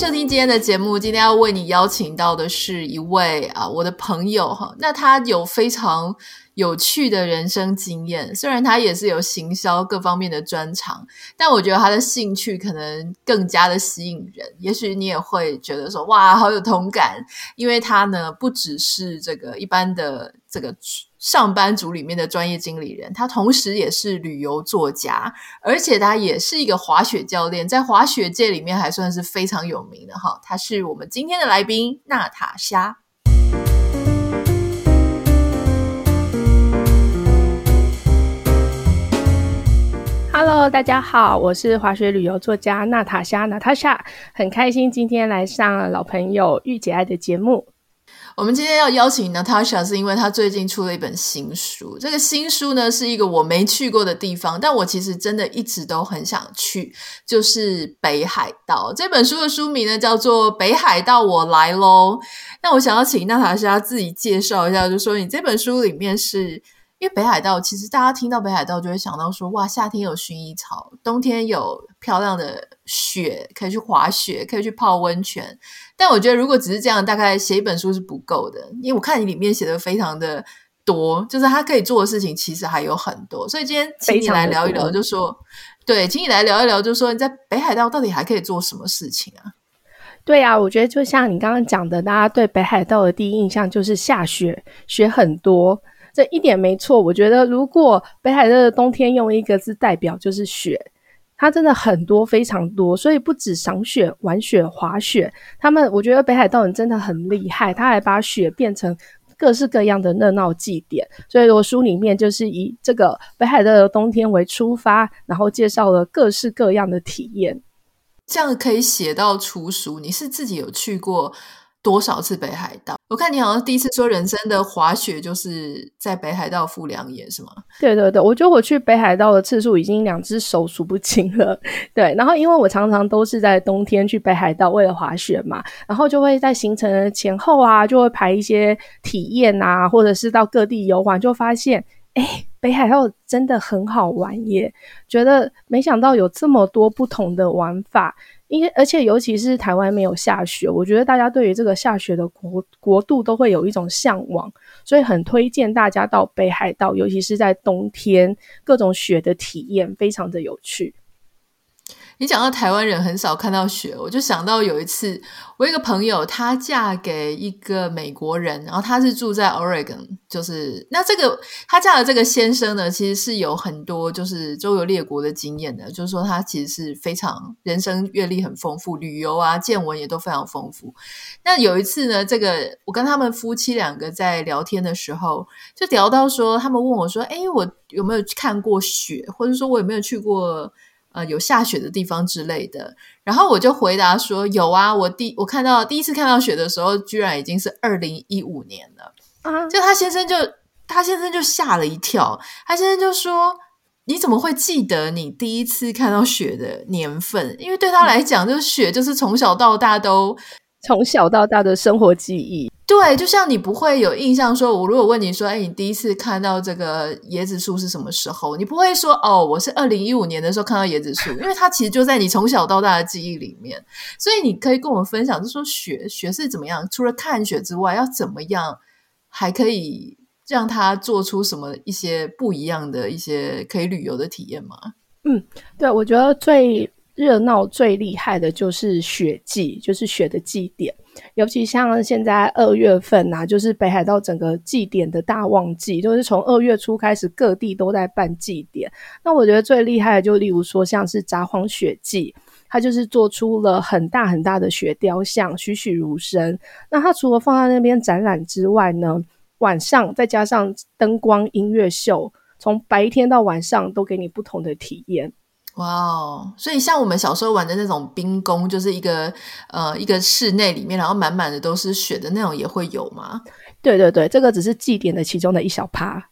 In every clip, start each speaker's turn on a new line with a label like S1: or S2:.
S1: 收聽今天的節目，今天要為你邀請到的是一位啊，我的朋友哈，那他有非常有趣的人生經驗，雖然他也是有行銷各方面的專長，但我覺得他的興趣可能更加的吸引人，也許你也會覺得說哇，好有同感，因為他呢不只是這個一般的。這個上班族裡面的專業經理人，他同時也是旅遊作家，而且他也是一個滑雪教練，在滑雪界裡面還算是非常有名的哈。他是我們今天的來賓娜塔
S2: 莎。Hello，大家好，我是滑雪旅遊作家娜塔莎。娜塔莎很開心今天來上老朋友御姐愛的節目。我們今天要邀請娜塔莎，是因為她最近出了一本新書。
S1: 這個新書呢，是一個我沒去過的地方，但我其實真的一直都很想去，就是北海道。這本書的書名呢，叫做《北海道我來囉》。那我想要請娜塔莎自己介紹一下，就說你這本書裡面是。因為北海道，其實大家聽到北海道就會想到說，哇，夏天有薰衣草，冬天有漂亮的雪，可以去滑雪，可以去泡溫泉。但我覺得，如果只是這樣，大概寫一本書是不夠的。因為我看你裡面寫的非常的多，就是它可以做的事情其實還有很多。所以今天請你來聊一聊，就說對，請你來聊一聊，就說你在北
S2: 海道到底還可以做什麼事情啊？對啊，我覺得就像你剛剛講的，大家對北海道的第一印象就是下雪，雪很多。這一點沒錯，我覺得如果北海道的冬天用一個字代表，就是雪，它真的很多，非常多，所以不止賞雪、玩雪、滑雪，他們我覺得北海道人真的很厲害，他還把雪變成各式各樣的熱鬧祭典。所以我書裡面就是以這個北海道的冬天為出發，然後介紹了各式各樣的體驗。
S1: 這樣可以寫到出書，你是自己有去過？多少次北海道？我看你好像第一次說人生的滑雪就是在北海道富良野，是嗎？
S2: 對對對，我覺得我去北海道的次數已經兩隻手數不清了。對，然後因為我常常都是在冬天去北海道為了滑雪嘛，然後就會在行程的前後啊，就會排一些體驗啊，或者是到各地遊玩，就發現誒，北海道真的很好玩耶，覺得沒想到有這麼多不同的玩法。因為，而且尤其是台灣沒有下雪，我覺得大家對於這個下雪的國國度都會有一種嚮往，所以很推薦大家到北海道，尤其是在冬天，各種雪的體驗非常的有趣。
S1: 你講到台灣人很少看到雪，我就想到有一次，我一個朋友她嫁給一個美國人，然後她是住在 Oregon，就是那這個她嫁的這個先生呢，其實是有很多就是周遊列國的經驗的，就是說他其實是非常人生閱歷很豐富，旅遊啊見聞也都非常豐富。那有一次呢，這個我跟他們夫妻兩個在聊天的時候，就聊到說，他們問我說：“哎，我有沒有看過雪，或者說我有沒有去過？”呃，有下雪的地方之類的，然後我就回答說有啊，我第我看到第一次看到雪的時候，居然已經是二零一五年了啊！嗯、就他先生就他先生就嚇了一跳，他先生就說：“你怎麼會記得你第一次看到雪的年份？因為對他來講，嗯、就是雪就是從小到大都從小到大的生活記憶。”對，就像你不會有印象說，我如果問你說，哎，你第一次看到這個椰子樹是什麼時候？你不會說，哦，我是二零一五年的時候看到椰子樹，因為它其實就在你從小到大的記憶裡面。所以你可以跟我們分享，就是說雪雪是怎麼樣？除了看雪之外，要怎麼樣還可以讓它做出什麼一些不一樣的一些可以旅遊的體驗嗎？嗯，
S2: 對，我覺得最熱鬧最厲害的就是雪祭，就是雪的祭典。尤其像現在二月份吶、啊，就是北海道整個祭典的大旺季，就是從二月初開始，各地都在辦祭典。那我覺得最厲害的，就例如說像是札幌雪祭，它就是做出了很大很大的雪雕像，栩栩如生。那它除了放在那邊展覽之外呢，晚上再加上燈光音樂秀，從白天到晚上都給你不同的體驗。哇哦！Wow, 所以像我們小
S1: 時候玩的那種冰宮，就是一個呃一個室內裡面，然後滿滿的都是雪的那種，也
S2: 會有嗎？對對對，這個只是祭典的其中的一小趴，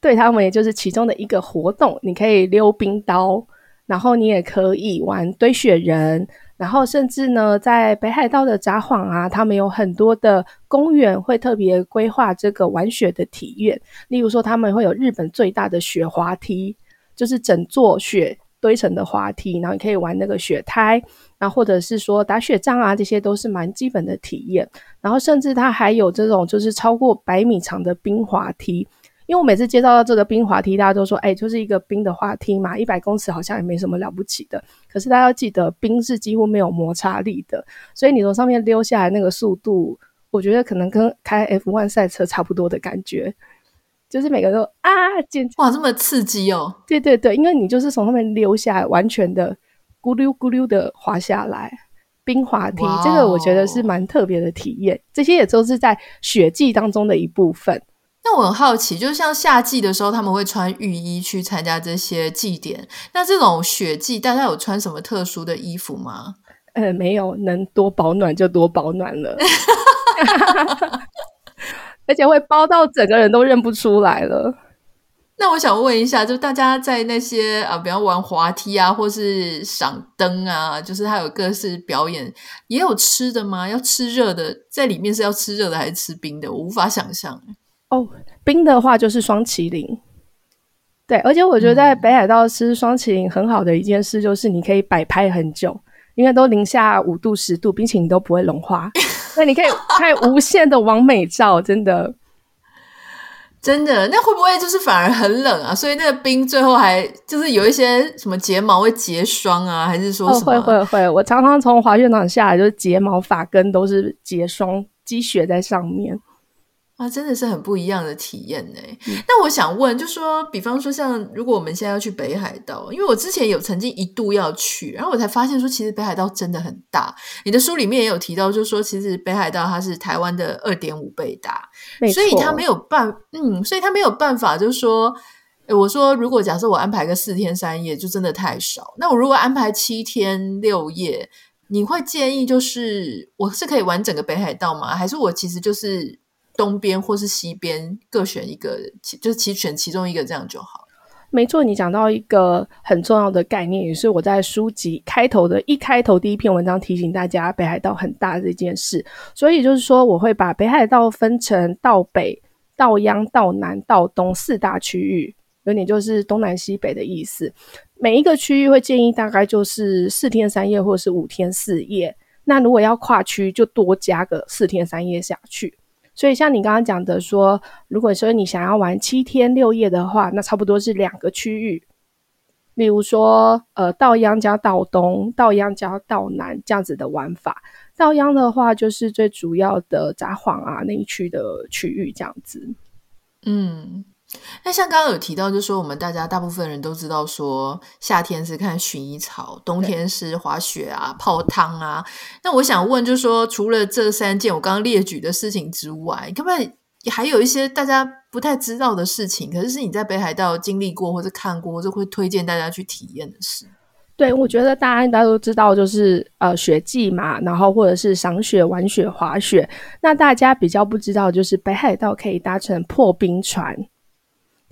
S2: 對他們也就是其中的一個活動。你可以溜冰刀，然後你也可以玩堆雪人，然後甚至呢，在北海道的札幌啊，他們有很多的公園會特別規劃這個玩雪的體驗，例如說他們會有日本最大的雪滑梯，就是整座雪。堆成的滑梯，然後你可以玩那個雪胎，然後或者是說打雪仗啊，這些都是蠻基本的體驗。然後甚至它還有這種就是超過百米長的冰滑梯，因為我每次接到這個冰滑梯，大家都說哎，就是一個冰的滑梯嘛，一百公尺好像也沒什麼了不起的。可是大家要記得，冰是幾乎沒有摩擦力的，所以你從上面溜下來那個速度，我覺得可能跟開 F1 賽車差不多的感覺。就是每個人都啊，哇，這
S1: 麼刺激哦！
S2: 對對對，因為你就是從上面溜下來，完全的咕溜咕溜的滑下來，冰滑梯，Wow 這個我覺得是蠻特別的體驗。這些也都是在雪祭當中的一部分。
S1: 那我很好奇，就像夏季的時候他們會穿浴衣去參加這些祭典，那這種雪祭，大家有穿什麼特殊的衣服嗎？
S2: 呃，沒有，能多保暖就多保暖了。 而且會包到整個人都認不出來了。那
S1: 我想問一下，就大家在那些啊，比方玩滑梯啊，或是賞燈啊，就是還有各式表演，也有吃的嗎？要吃熱的，在裡面是要吃熱的還是吃冰的？我無法想象。
S2: 哦，冰的話就是霜淇淋，對，而且我覺得在北海道吃霜淇淋很好的一件事就是你可以擺拍很久，因為都零下五度十度，冰淇淋都不會融化。 那 你可以拍無限的完美照，真的， 真的。那會不會就是反而很冷啊？
S1: 所以那個冰最後還就是有一些什麼睫毛會結霜啊？還是說什麼、哦、會會
S2: 會？我常常從滑雪場下來，就是睫毛髮根都是結霜、積雪在上面。
S1: 啊，真的是很不一樣的體驗呢、欸。嗯、那我想問，就說，比方說，像如果我們現在要去北海道，因為我之前有曾經一度要去，然後我才發現說，其實北海道真的很大。你的書裡面也有提到，就是說，其實北海道它是台灣的二點五倍大，沒錯。所以它沒有辦，嗯，所以它沒有辦法，就是說、欸，我說如果假設我安排個四天三夜，就真的太少。那我如果安排七天六夜，你會建議就是我是可以玩整個北海道嗎？還是我其實就是？東邊或是西邊各選一個，其就其選其中一個這樣就好。
S2: 沒錯，你講到一個很重要的概念，也是我在書籍開頭的一開頭第一篇文章提醒大家，北海道很大的這件事。所以就是說，我會把北海道分成道北、道央、道南、道東四大區域，有點就是東南西北的意思。每一個區域會建議大概就是四天三夜，或是五天四夜。那如果要跨區，就多加個四天三夜下去。所以像你剛剛講的說，如果說你想要玩七天六夜的話，那差不多是兩個區域，例如說呃，道央加道東，道央加道南這樣子的玩法。道央的話，就是最主要的札幌啊那一區的區域這樣子。嗯。
S1: 那像剛剛有提到，就是說我們大家大部分人都知道，說夏天是看薰衣草，冬天是滑雪啊、泡湯啊。對那我想問，就是說除了這三件我剛剛列舉的事情之外，根本還有一些大家不太知道的事情？可是是你在北海道經歷過或者看過，就會推薦大家去體驗的事？
S2: 對，我覺得大家大家都知道，就是呃雪季嘛，然後或者是賞雪、玩雪、滑雪。那大家比較不知道，就是北海道可以搭乘破冰船。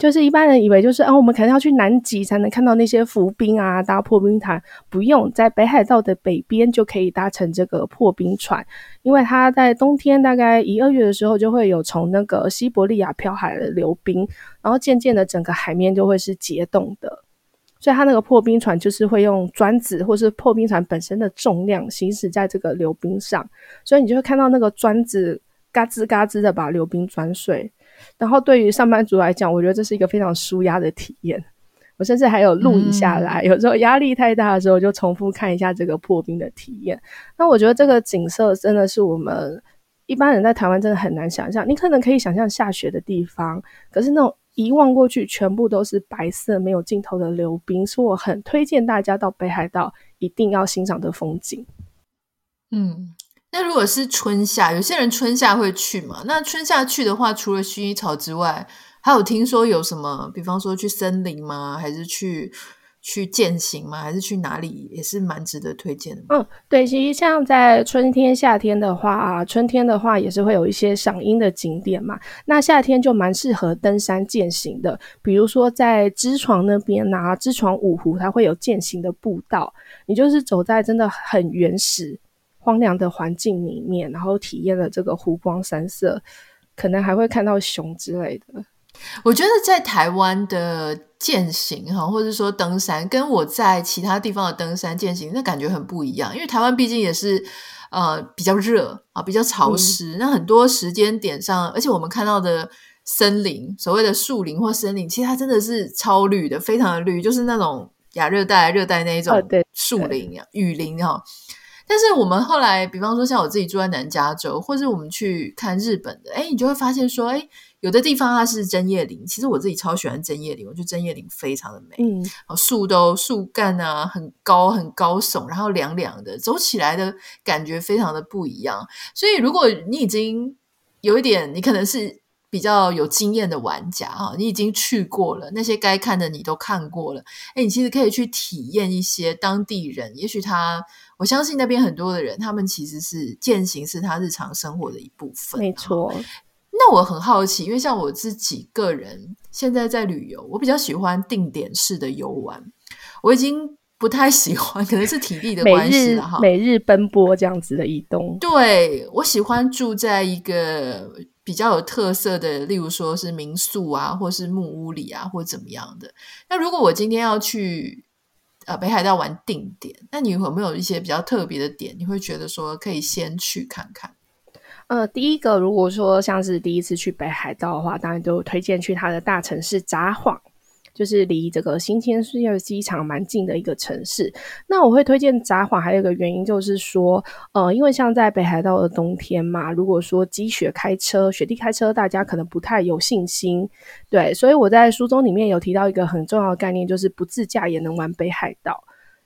S2: 就是一般人以為，就是啊、哦，我們可能要去南極才能看到那些浮冰啊，搭破冰船。不用，在北海道的北邊就可以搭乘這個破冰船，因為它在冬天大概一、二月的時候，就會有從那個西伯利亞漂海的流冰，然後漸漸的整個海面就會是結凍的。所以它那個破冰船就是會用磚子，或是破冰船本身的重量行駛在這個流冰上，所以你就會看到那個磚子嘎吱嘎吱的把流冰鑽碎。然後對於上班族來講，我覺得這是一個非常舒壓的體驗。我甚至還有錄影下來，嗯、有時候壓力太大的時候，就重複看一下這個破冰的體驗。那我覺得這個景色真的是我們一般人在台灣真的很難想象。你可能可以想象下雪的地方，可是那種一望過去全部都是白色、沒有盡頭的流冰，是我很推薦大家到北海道一定要欣賞的風景。嗯。
S1: 那如果是春夏，有些人春夏會去嘛？那春夏去的話，除了薰衣草之外，還有聽說有什麼？比方說去森林嗎？還是去去健行嗎？還是去哪裡也是蠻值得推薦
S2: 的？嗯，對，其實像在春天、夏天的話、啊，春天的話也是會有一些賞櫻的景點嘛。那夏天就蠻適合登山、健行的。比如說在知床那邊呢、啊，知床五湖它會有健行的步道，你就是走在真的很原始。荒涼的環境裡面，然後體驗了這個湖光山色，可能還會看到熊之類的。我覺得在台灣的
S1: 健行哈，或者說登山，跟我在其他地方的登山健行，那感覺很不一樣。因為台灣畢竟也是呃比較熱啊，比較潮濕。嗯、那很多時間點上，而且我們看到的森林，所謂的樹林或森林，其實它真的是超綠的，非常的綠，就是那種亞熱帶、熱帶那一種樹林、哦、雨林哈。啊但是我們後來，比方說像我自己住在南加州，或者我們去看日本的，哎、欸，你就會發現說，哎、欸，有的地方它是針葉林，其實我自己超喜歡針葉林，我覺得針葉林非常的美，嗯，樹都樹幹啊很高很高聳，然後涼涼的，走起來的感覺非常的不一樣。所以如果你已經有一點，你可能是。比較有經驗的玩家啊，你已經去過了，那些該看的你都看過了。哎、欸，你其實可以去體驗一些當地人，也許他，我相信那邊很多的人，他們其實是踐行是他日常生活的一部分。沒錯。那我很好奇，因為像我自己個人，現在在旅遊，我比較喜歡定點式的遊玩，我已經。不太喜歡，可能是體力的關係哈。每日，然後，每
S2: 日奔波這樣子的移動，
S1: 對，我喜歡住在一個比較有特色的，例如說是民宿啊，或是木屋裡啊，或怎麼樣的。那如果我今天要去呃北海道玩定點，那你有沒有一些比較特別的點？你會覺得說可以先去看看？
S2: 呃，第一個，如果說像是第一次去北海道的話，當然就推薦去它的大城市札幌。就是離這個新千歲機場蠻近的一個城市。那我會推薦札幌，還有一個原因就是說，呃，因為像在北海道的冬天嘛，如果說積雪、開車、雪地開車，大家可能不太有信心。對，所以我在書中裡面有提到一個很重要的概念，就是不自駕也能玩北海道。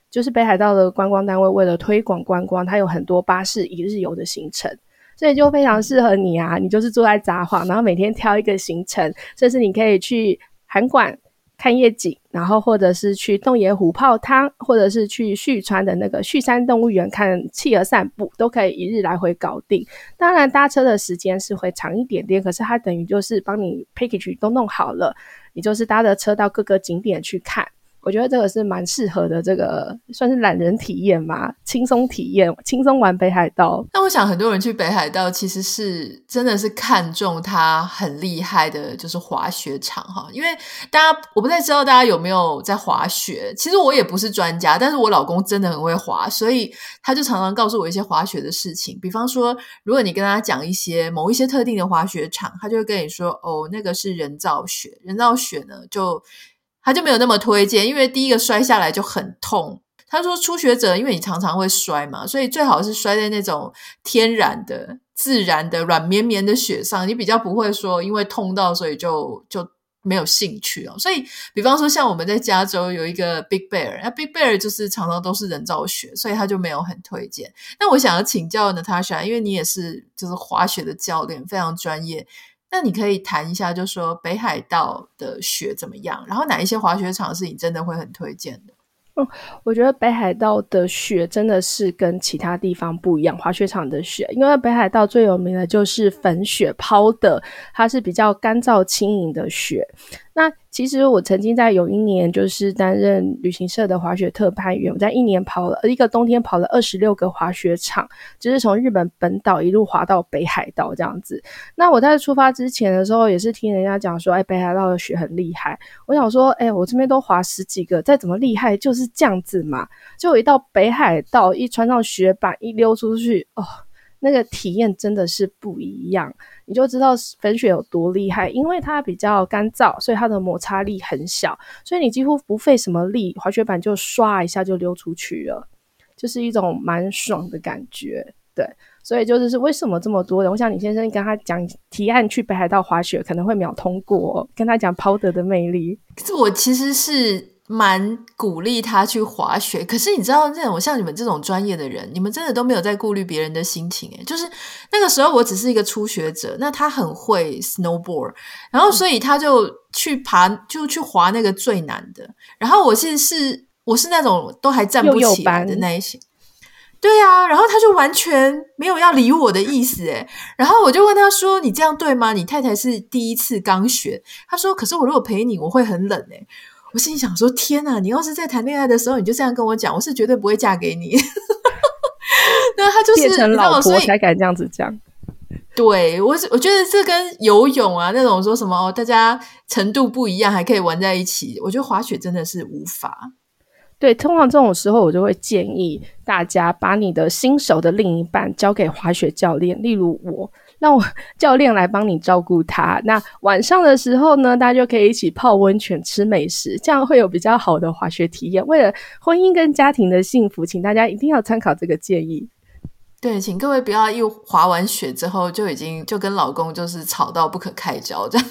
S2: 就是北海道的觀光單位為了推廣觀光，它有很多巴士一日遊的行程，所以就非常適合你啊！你就是坐在札幌，然後每天挑一個行程，甚至你可以去函館。看夜景，然後或者是去洞爺湖泡湯，或者是去旭川的那個旭山動物園看企鵝散步，都可以一日來回搞定。當然，搭車的時間是會長一點點，可是它等於就是幫你 package 都弄好了，你就是搭着車到各個景點去看。我覺得這個是蠻適合的，這個算是懶人體驗嘛，輕鬆體驗，輕鬆玩北海道。那
S1: 我想很多人去北海道其實是真的是看中他很厲害的，就是滑雪場哈。因為大家我不太知道大家有沒有在滑雪，其實我也不是專家，但是我老公真的很會滑，所以他就常常告訴我一些滑雪的事情。比方說，如果你跟他講一些某一些特定的滑雪場，他就會跟你說哦，那個是人造雪，人造雪呢就，他就沒有那麼推薦，因為第一個摔下來就很痛。他說初學者，因為你常常會摔嘛，所以最好是摔在那種天然的、自然的、軟綿綿的雪上，你比較不會說因為痛到所以就就沒有興趣哦。所以，比方說像我們在加州有一個 Big Bear，那 Big Bear 就是常常都是人造雪，所以他就沒有很推薦。那我想要請教 Natasha，因為你也是就是滑雪的教練，非常專業。那你可以談一下，就是說北海道的雪怎麼樣？然後哪一些滑雪場是你真的會很推薦的？嗯，
S2: 我覺得北海道的雪真的是跟其他地方不一樣。滑雪場的雪，因為北海道最有名的就是粉雪拋的，它是比較乾燥輕盈的雪。那其實我曾經在有一年，就是擔任旅行社的滑雪特派員，我在一年跑了一個冬天，跑了二十六個滑雪場，就是從日本本島一路滑到北海道這樣子。那我在出發之前的時候，也是聽人家講說，哎，北海道的雪很厲害。我想說，哎，我這邊都滑十幾個，再怎麼厲害就是這樣子嘛。就一到北海道，一穿上雪板，一溜出去，哦。那個體驗真的是不一樣，你就知道粉雪有多厲害，因為它比較乾燥，所以它的摩擦力很小，所以你幾乎不費什麼力，滑雪板就刷一下就溜出去了，就是一種蠻爽的感覺，對，所以就是為什麼這麼多人。我想李先生跟他講提案去北海道滑雪可能會秒通過，跟他講 powder 的魅力，可是我其
S1: 實是，蠻鼓勵他去滑雪，可是你知道那種像你們這種專業的人，你們真的都沒有在顧慮別人的心情哎。就是那個時候，我只是一個初學者，那他很會 snowboard，然後所以他就去爬，嗯、就去滑那個最難的。然後我其實是我是那種都還站不起來的那一種，對呀、啊。然後他就完全沒有要理我的意思哎。然後我就問他說：“你這樣對嗎？你太太是第一次剛學。”，他說：“可是我如果陪你，我會很冷哎。”我心想說：“天啊，你要是在談戀愛的時候，你就這樣跟我講，我是絕對不會嫁給你。 ”那他就是變成老婆才敢
S2: 這樣子講。
S1: 對我，我覺得這跟游泳啊那種說什麼，哦，大家程度不一樣還可以玩在一起。我覺得滑雪真的是無法。
S2: 對，通常這種時候，我就會建議大家把你的新手的另一半交給滑雪教練，例如我。那我教練來幫你照顧他。那晚上的時候呢，大家就可以一起泡溫泉、吃美食，這樣會有比較好的滑雪體驗。為了婚姻跟家庭的幸福，請大家一定要參考這個建議。對，請各位不要一滑完雪之後就已經就跟老公就
S1: 是吵到不可開交這樣。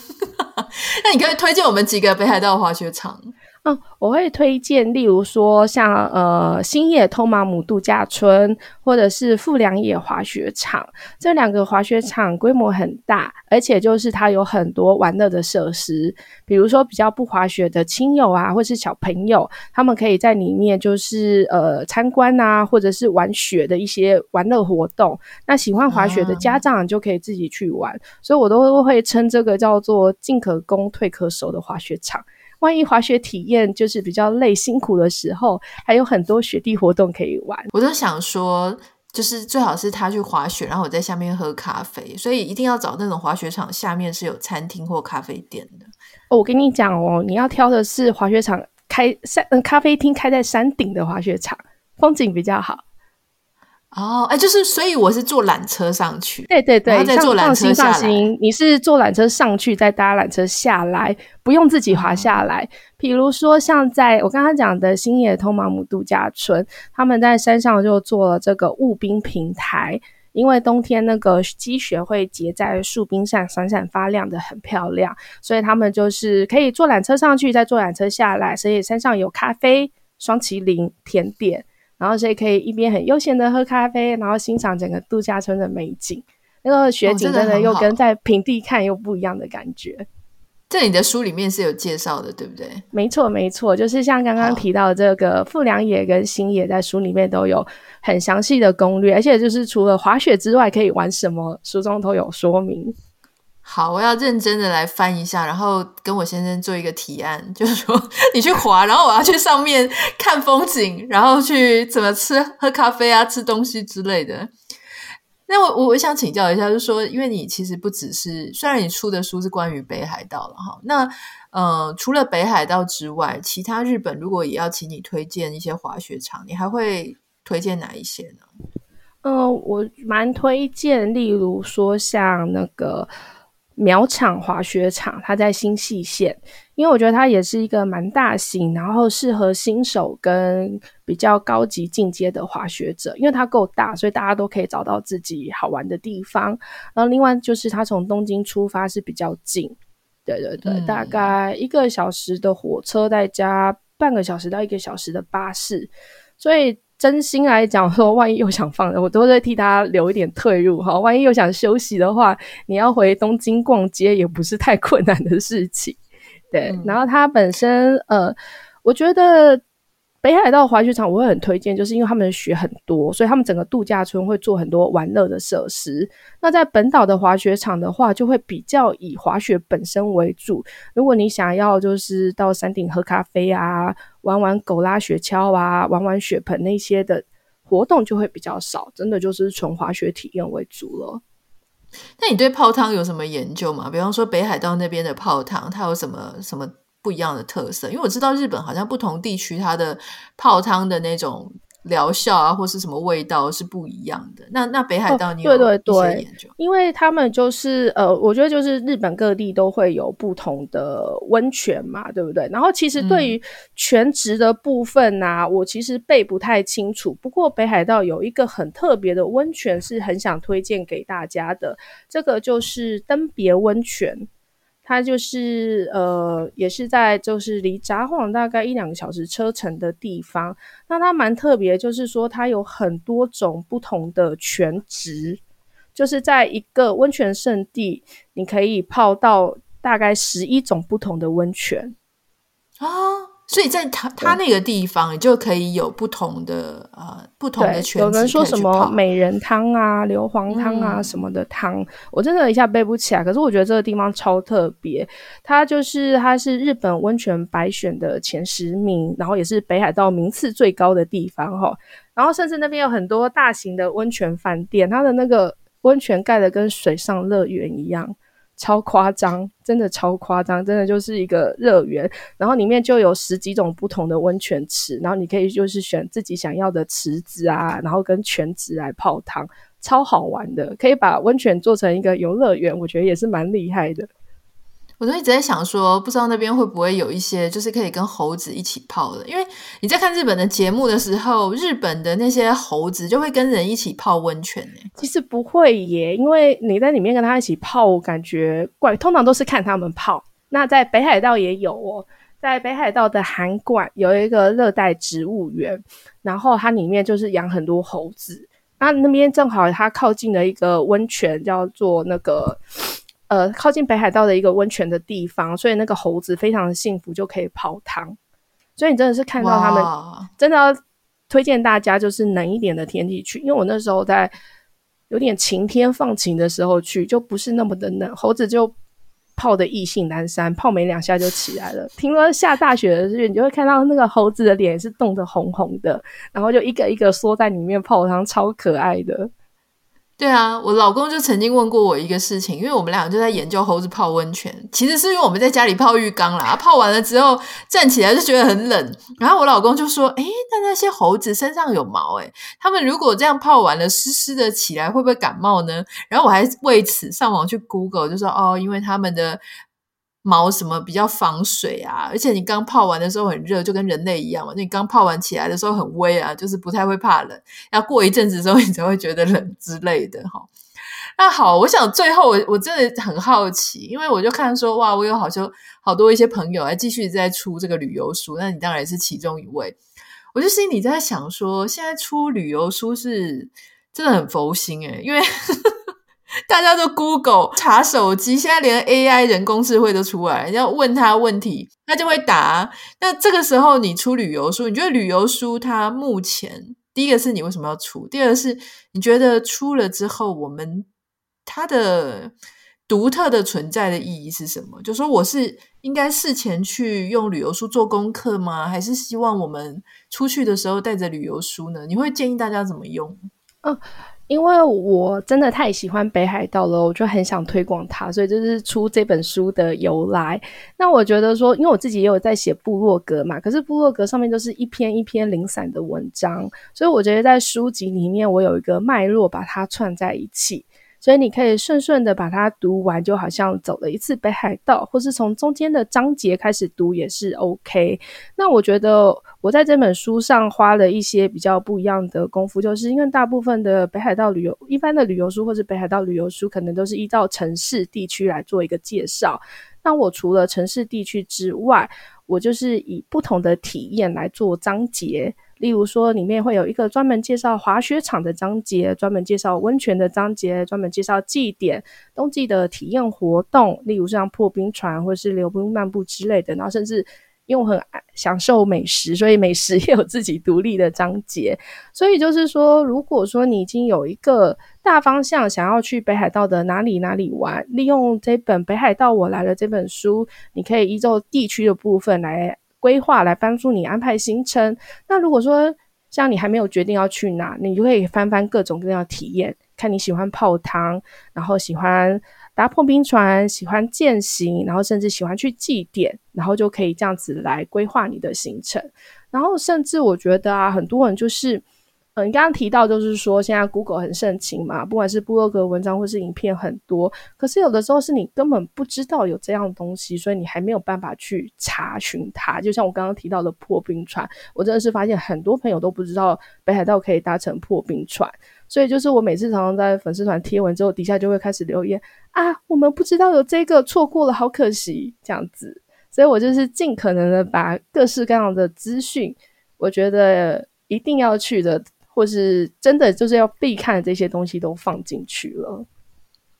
S1: 那你可以推薦我們幾個北海道滑雪場？
S2: 嗯，我會推薦，例如說像呃星野托馬姆度假村，或者是富良野滑雪場，這兩個滑雪場規模很大，而且就是它有很多玩樂的設施，比如說比較不滑雪的親友啊，或是小朋友，他們可以在裡面就是呃參觀啊，或者是玩雪的一些玩樂活動。那喜歡滑雪的家長就可以自己去玩，嗯啊、所以我都會稱這個叫做進可攻退可守的滑雪場。萬一滑雪體驗就是比較累、辛苦的時候，還有很多雪地活動可以玩。我就想
S1: 說，就是最好是他去滑雪，然後我在下面喝咖啡。所以一定要找那種滑雪場下面是有餐廳或咖啡店的。
S2: 哦，我跟你講哦，你要挑的是滑雪場開山，嗯，咖啡廳開在山頂的滑雪場，風景比較好。
S1: 哦，哎，就是，所以我是坐纜車上去，對對對，然後再坐纜車上去，
S2: 你是坐纜車上去，再搭纜車下來，不用自己滑下來。比、嗯、如說像在我剛剛講的星野通馬姆度假村，他們在山上就做了這個霧冰平台，因為冬天那個積雪會結在樹冰上，閃閃發亮的很漂亮，所以他們就是可以坐纜車上去，再坐纜車下來。所以山上有咖啡、霜淇淋、甜點。然後所以可以一邊很悠閒的喝咖啡，然後欣賞整個度假村的美景。那個雪景真的又跟在平地看又不一樣的感覺。哦，這裡的書裡面是有介紹的，對不對？沒錯，沒錯，就是像剛剛提到的這個富良野跟星野，在書裡面都有很詳細的攻略，而且就是除了滑雪之外可以玩什麼，書中都有說明。
S1: 好，我要認真的來翻一下，然後跟我先生做一個提案，就是說你去滑，然後我要去上面看風景，然後去怎麼吃喝咖啡啊，吃東西之類的。那我我想請教一下，就是說，因為你其實不只是，雖然你出的書是關於北海道了哈，那呃，除了北海道之外，其他日本如果也要請你推薦一些滑雪場，你還會推薦哪一些呢？嗯、
S2: 呃，我蠻推薦，例如說像那個。苗場滑雪場，它在新潟縣，因為我覺得它也是一個蠻大型，然後適合新手跟比較高級進階的滑雪者，因為它夠大，所以大家都可以找到自己好玩的地方。然後另外就是它從東京出發是比較近，對對對，嗯、大概一個小時的火車在，再加半個小時到一個小時的巴士，所以。真心來講，說萬一又想放，我都會替他留一點退路哈。萬一又想休息的話，你要回東京逛街也不是太困難的事情。對，嗯、然後他本身，呃，我覺得北海道滑雪場我會很推薦，就是因為他們雪很多，所以他們整個度假村會做很多玩樂的設施。那在本島的滑雪場的話，就會比較以滑雪本身為主。如果你想要就是到山頂喝咖啡啊。玩玩狗拉雪橇啊，玩玩雪盆那些的活動就會比較少，真的就是純滑雪體驗為主了。
S1: 那你對泡湯有什麼研究嗎？比方說北海道那邊的泡湯，它有什麼什麼不一樣的特色？因為我知道日本好像不同地區它的泡湯的那種。療效啊，或是什麼味道
S2: 是不一樣
S1: 的。那那北海道你有做一些研究、哦對對
S2: 對，因為他們就是呃，我覺得就是日本各地都會有不同的溫泉嘛，對不對？然後其實對於全職的部分呢、啊，嗯、我其實背不太清楚。不過北海道有一個很特別的溫泉，是很想推薦給大家的。這個就是登別溫泉。它就是呃，也是在就是離札幌大概一兩個小時車程的地方。那它蠻特別，就是說它有很多種不同的泉質，就是在一個溫泉勝地，你可以泡到大概十一種不同的溫泉啊。
S1: 所以在他他那個
S2: 地方，就可以有不同的對呃不同的泉。有人說什麼美人湯啊、硫磺湯啊、嗯、什麼的湯，我真的一下背不起來。可是我覺得這個地方超特別，它就是它是日本溫泉百選的前十名，然後也是北海道名次最高的地方哈。然後甚至那邊有很多大型的溫泉飯店，它的那個溫泉蓋的跟水上樂園一樣。超誇張，真的超誇張，真的就是一個樂園。然後裡面就有十幾種不同的溫泉池，然後你可以就是選自己想要的池子啊，然後跟泉子來泡湯，超好玩的。可以把溫泉做成一個遊樂園，我覺得也是蠻厲害的。
S1: 我就一直在想說，不知道那邊會不會有一些就是可以跟猴子一起泡的？因為你在看日本的節目的時候，日本的那些猴子就會
S2: 跟人一起泡溫泉呢、欸。其實不會耶，因為你在裡面跟他一起泡，我感覺怪。通常都是看他們泡。那在北海道也有哦、喔，在北海道的函館有一個熱帶植物園，然後它裡面就是養很多猴子。那那邊正好它靠近了一個溫泉，叫做那個。呃，靠近北海道的一個溫泉的地方，所以那個猴子非常的幸福，就可以泡湯。所以你真的是看到他們，真的要推薦大家就是冷一點的天氣去，哇因為我那時候在有點晴天放晴的時候去，就不是那麼的冷，猴子就泡的意興闌珊，泡沒兩下就起來了。聽說下大雪的時候，你就會看到那個猴子的臉是凍得紅紅的，然後就一個一個縮在裡面泡湯，超可愛的。
S1: 對啊，我老公就曾經問過我一個事情，因為我們倆就在研究猴子泡溫泉。其實是因為我們在家裡泡浴缸啦，啊、泡完了之後站起來就覺得很冷。然後我老公就說：“誒那那些猴子身上有毛、欸，誒他們如果這樣泡完了濕濕的起來，會不會感冒呢？”然後我還為此上網去 Google，就說：“哦，因為他們的。”毛什麼比較防水啊？而且你剛泡完的時候很熱，就跟人類一樣嘛。你剛泡完起來的時候很溫啊，就是不太會怕冷。要過一陣子之後，你才會覺得冷之類的哈。那好，我想最後我我真的很好奇，因為我就看說哇，我有好多好多一些朋友啊，繼續在出這個旅遊書，那你當然也是其中一位。我就心裡在想說，現在出旅遊書是真的很佛心誒、欸、因為。 大家都 Google 查手機，現在連 AI 人工智慧都出來，要問他問題，他就會答。那這個時候你出旅遊書，你覺得旅遊書它目前第一個是你為什麼要出，第二個是你覺得出了之後，我們它的獨特的存在的意義是什麼？就是說我是應該事前去用旅遊書做功課嗎？還是希望我們出去的時候帶着旅遊書呢？你會建議大家怎麼用？
S2: 嗯。呃因為我真的太喜歡北海道了，我就很想推廣它，所以就是出這本書的由來。那我覺得說，因為我自己也有在寫部落格嘛，可是部落格上面都是一篇一篇零散的文章，所以我覺得在書籍裡面，我有一個脈絡把它串在一起。所以你可以順順的把它讀完，就好像走了一次北海道，或是從中間的章節開始讀也是 OK。那我覺得我在這本書上花了一些比較不一樣的功夫，就是因為大部分的北海道旅遊一般的旅遊書或是北海道旅遊書，可能都是依照城市地區來做一個介紹。那我除了城市地區之外，我就是以不同的體驗來做章節。例如說，裡面會有一個專門介紹滑雪場的章節，專門介紹溫泉的章節，專門介紹祭典冬季的體驗活動，例如像破冰船或是流冰漫步之類的。然後，甚至因為我很享受美食，所以美食也有自己獨立的章節。所以就是說，如果說你已經有一個大方向，想要去北海道的哪裡哪裡玩，利用這本《北海道我來了》這本書，你可以依照地區的部分來。規劃來幫助你安排行程。那如果說像你還沒有決定要去哪，你就可以翻翻各種各樣的體驗，看你喜歡泡湯，然後喜歡搭破冰船，喜歡健行，然後甚至喜歡去祭典，然後就可以這樣子來規劃你的行程。然後甚至我覺得啊，很多人就是。嗯，你剛剛提到就是說，現在 Google 很盛情嘛，不管是部落格文章或是影片很多，可是有的時候是你根本不知道有這樣的東西，所以你還沒有辦法去查詢它。就像我剛剛提到的破冰船，我真的是發現很多朋友都不知道北海道可以搭乘破冰船，所以就是我每次常常在粉絲團貼文之後，底下就會開始留言啊，我們不知道有這個，錯過了好可惜這樣子。所以我就是盡可能的把各式各樣的資訊，我覺得一定要去的。或是真的就是要必看的這些東西都放進去了。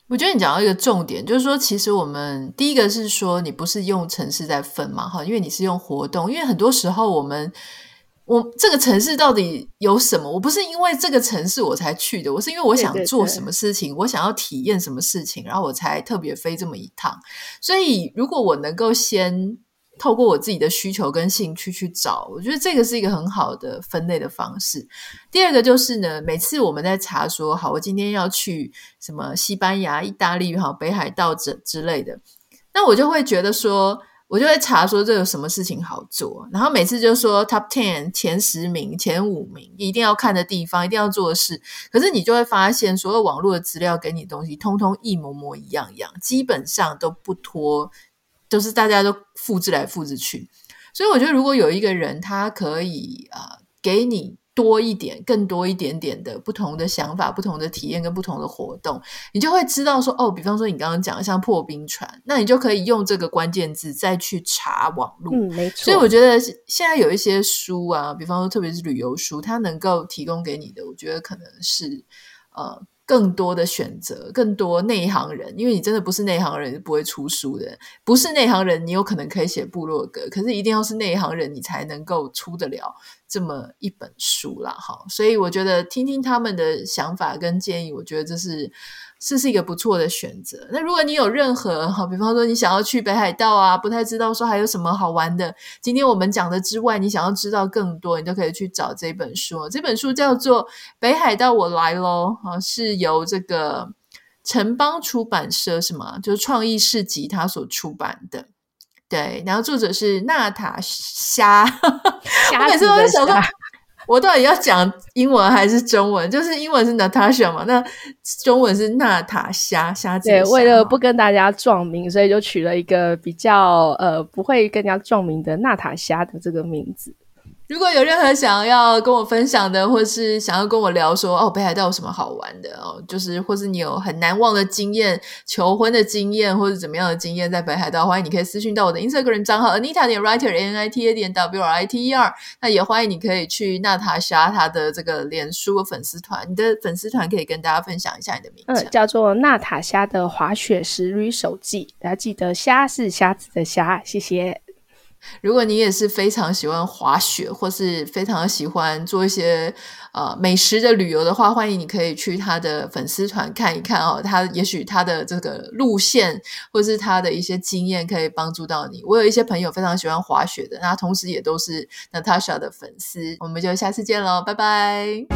S2: 我覺得你講到一個重點，就是說，其
S1: 實我們第一個是說，你不是用城市在分嘛，哈，因為你是用活動，因為很多時候我們，我這個城市到底有什麼？我不是因為這個城市我才去的，我是因為我想做什麼事情，對對對，我想要體驗什麼事情，然後我才特別飛這麼一趟。所以，如果我能夠先。透過我自己的需求跟興趣去去找，我覺得這個是一個很好的分類的方式。第二個就是呢，每次我們在查說，好，我今天要去什麼西班牙、意大利，好，北海道之之類的，那我就會覺得說，我就會查說這有什麼事情好做。然後每次就說 Top Ten 前十名、前五名，一定要看的地方，一定要做的事。可是你就會發現，所有網絡的資料給你的東西，通通一模模一樣一樣，基本上都不脫。就是大家都複製來複製去，所以我覺得如果有一個人他可以啊、呃，給你多一點、更多一點點的不同的想法、不同的體驗跟不同的活動，你就會知道說哦，比方說你剛剛講的像破冰船，那你就可以用這個關鍵字再去查網絡。嗯，沒錯。所以我覺得現在有一些書啊，比方說特別是旅遊書，它能夠提供給你的，我覺得可能是呃。更多的選擇，更多內行人，因為你真的不是內行人，是不會出書的。不是內行人，你有可能可以寫部落格，可是一定要是內行人，你才能夠出得了。這麼一本書啦，哈，所以我覺得聽聽他們的想法跟建議，我覺得這是這是一個不錯的選擇。那如果你有任何哈，比方說你想要去北海道啊，不太知道說還有什麼好玩的，今天我們講的之外，你想要知道更多，你都可以去找這本書。這本書叫做《北海道我來囉》啊，是由這個城邦出版社什麼就是創意市集它所出版的，對，然後作者是娜塔莎。我每次都在想說，我到底要講英文還是中文？就是英文
S2: 是 Natasha 嘛，那中文是娜塔蝦蝦姐。為了不跟大家撞名，所以就取了一個比較呃不會跟人家撞名的娜塔蝦的這個名字。
S1: 如果有任何想要跟我分享的，或是想要跟我聊說，哦，北海道有什麼好玩的哦？就是，或是你有很難忘的經驗、求婚的經驗，或是怎麼樣的經驗在北海道，歡迎你可以私訊到我的 Instagram 賬號 Anita 點 Writer N I T A 點 W R I T E R。嗯、那也歡迎你可以去娜塔蝦他的這個臉書的粉絲團，你的粉絲團可以跟大家分享一下你的
S2: 名字，呃，叫做娜塔蝦的滑雪之旅手記。大家記得“蝦”是“蝦子”的“蝦”，謝謝。如果你也是非常喜
S1: 歡滑雪，或是非常喜歡做一些，呃，美食的旅遊的話，歡迎你可以去他的粉絲團看一看哦。他也許他的這個路線，或是他的一些經驗，可以幫助到你。我有一些朋友非常喜歡滑雪的，那同時也都是 Natasha 的粉絲。我們就下次見嘍，拜拜。